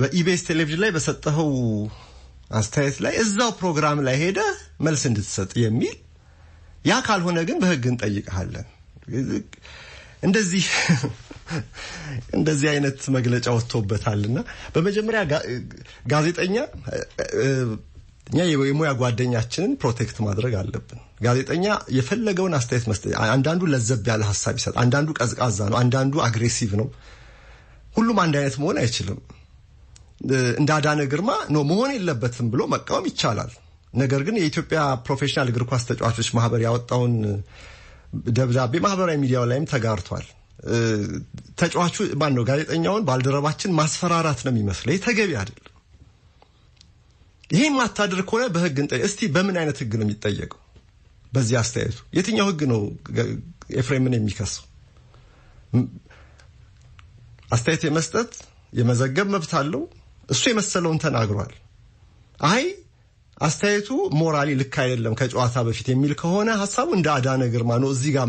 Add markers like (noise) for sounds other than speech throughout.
በኢቤስ ቴሌቪዥን ላይ በሰጠኸው አስተያየት ላይ እዛው ፕሮግራም ላይ ሄደ መልስ እንድትሰጥ የሚል ያ ካልሆነ ግን በህግ እንጠይቀሃለን። እንደዚህ (laughs) እንደዚህ አይነት መግለጫ እና በመጀመሪያ ጋዜጠኛ እኛ የሙያ ጓደኛችንን ፕሮቴክት ማድረግ አለብን። ጋዜጠኛ የፈለገውን አስተያየት መስጠት፣ አንዳንዱ ለዘብ ያለ ሀሳብ ይሰጥ፣ አንዳንዱ ቀዝቃዛ ነው፣ አንዳንዱ አግሬሲቭ ነው። ሁሉም አንድ አይነት መሆን አይችልም። እንዳዳነ ግርማ ነው መሆን የለበትም ብሎ መቃወም ይቻላል። ነገር ግን የኢትዮጵያ ፕሮፌሽናል እግር ኳስ ተጫዋቾች ማህበር ያወጣውን ደብዳቤ ማህበራዊ ሚዲያው ላይም ተጋርቷል። ተጫዋቹ ማን ነው ጋዜጠኛውን ባልደረባችን ማስፈራራት ነው የሚመስለ ተገቢ አይደለም። ይሄም አታድር ከሆነ በህግ እንጠ እስቲ በምን አይነት ህግ ነው የሚጠየቀው? በዚህ አስተያየቱ የትኛው ህግ ነው ኤፍሬምን የሚከሰው? አስተያየት የመስጠት የመዘገብ መብት አለው። እሱ የመሰለውን ተናግሯል። አይ አስተያየቱ ሞራሊ ልክ አይደለም ከጨዋታ በፊት የሚል ከሆነ ሀሳቡ እንደ አዳነ ግርማ ነው። እዚህ ጋር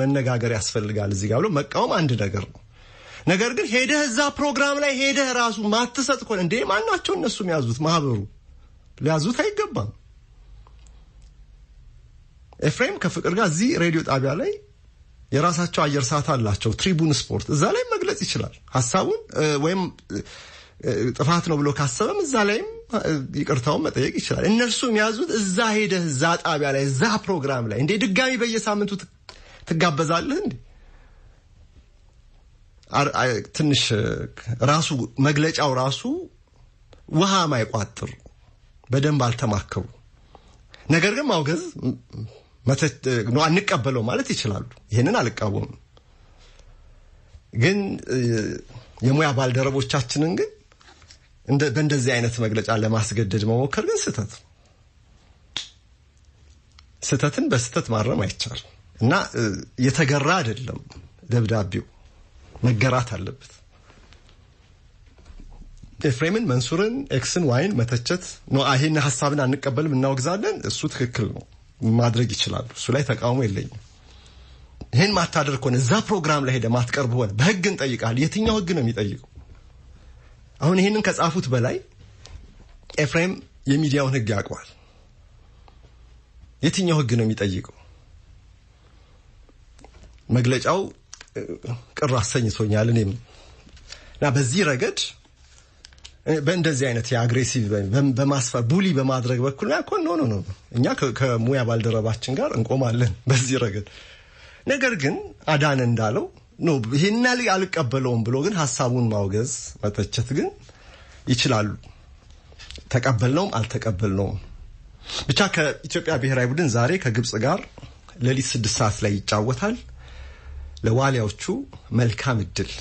መነጋገር ያስፈልጋል። እዚህ ጋር ብሎ መቃወም አንድ ነገር ነው። ነገር ግን ሄደህ እዛ ፕሮግራም ላይ ሄደህ ራሱ ማትሰጥ ከሆነ እንዴ ማናቸው እነሱ የሚያዙት ማህበሩ ሊያዙት አይገባም። ኤፍሬም ከፍቅር ጋር እዚህ ሬዲዮ ጣቢያ ላይ የራሳቸው አየር ሰዓት አላቸው። ትሪቡን ስፖርት እዛ ላይ መግለጽ ይችላል ሀሳቡን ወይም ጥፋት ነው ብሎ ካሰበም እዛ ላይም ይቅርታውን መጠየቅ ይችላል። እነርሱ የሚያዙት እዛ ሄደህ እዛ ጣቢያ ላይ እዛ ፕሮግራም ላይ እንዴ ድጋሚ በየሳምንቱ ትጋበዛለህ እንዴ? ትንሽ ራሱ መግለጫው ራሱ ውሃ ማይቋጥር በደንብ አልተማከሩ። ነገር ግን ማውገዝ አንቀበለው ማለት ይችላሉ። ይህንን አልቃወምም። ግን የሙያ ባልደረቦቻችንን ግን በእንደዚህ አይነት መግለጫ ለማስገደድ መሞከር ግን ስህተት ነው። ስህተትን በስህተት ማረም አይቻልም እና የተገራ አይደለም ደብዳቤው መገራት አለበት። ኤፍሬምን፣ መንሱርን፣ ኤክስን፣ ዋይን መተቸት ነው። ይህን ሀሳብን አንቀበልም፣ እናወግዛለን። እሱ ትክክል ነው፣ ማድረግ ይችላሉ። እሱ ላይ ተቃውሞ የለኝም። ይህን ማታደርግ ከሆነ እዛ ፕሮግራም ላይ ሄደ ማትቀርብ ሆነ በህግ እንጠይቃል። የትኛው ህግ ነው የሚጠይቀው? አሁን ይሄንን ከጻፉት በላይ ኤፍሬም የሚዲያውን ህግ ያውቀዋል። የትኛው ህግ ነው የሚጠይቀው? መግለጫው ቅር አሰኝቶኛል እኔም እና በዚህ ረገድ በእንደዚህ አይነት የአግሬሲቭ በማስፈር ቡሊ በማድረግ በኩል ላይ እኮ ኖ ነው እኛ ከሙያ ባልደረባችን ጋር እንቆማለን በዚህ ረገድ። ነገር ግን አዳነ እንዳለው ነው። ይሄን ያህል አልቀበለውም ብሎ ግን ሀሳቡን ማውገዝ መተቸት ግን ይችላሉ። ተቀበልነውም አልተቀበልነውም ብቻ ከኢትዮጵያ ብሔራዊ ቡድን ዛሬ ከግብጽ ጋር ሌሊት ስድስት ሰዓት ላይ ይጫወታል። ለዋሊያዎቹ መልካም እድል።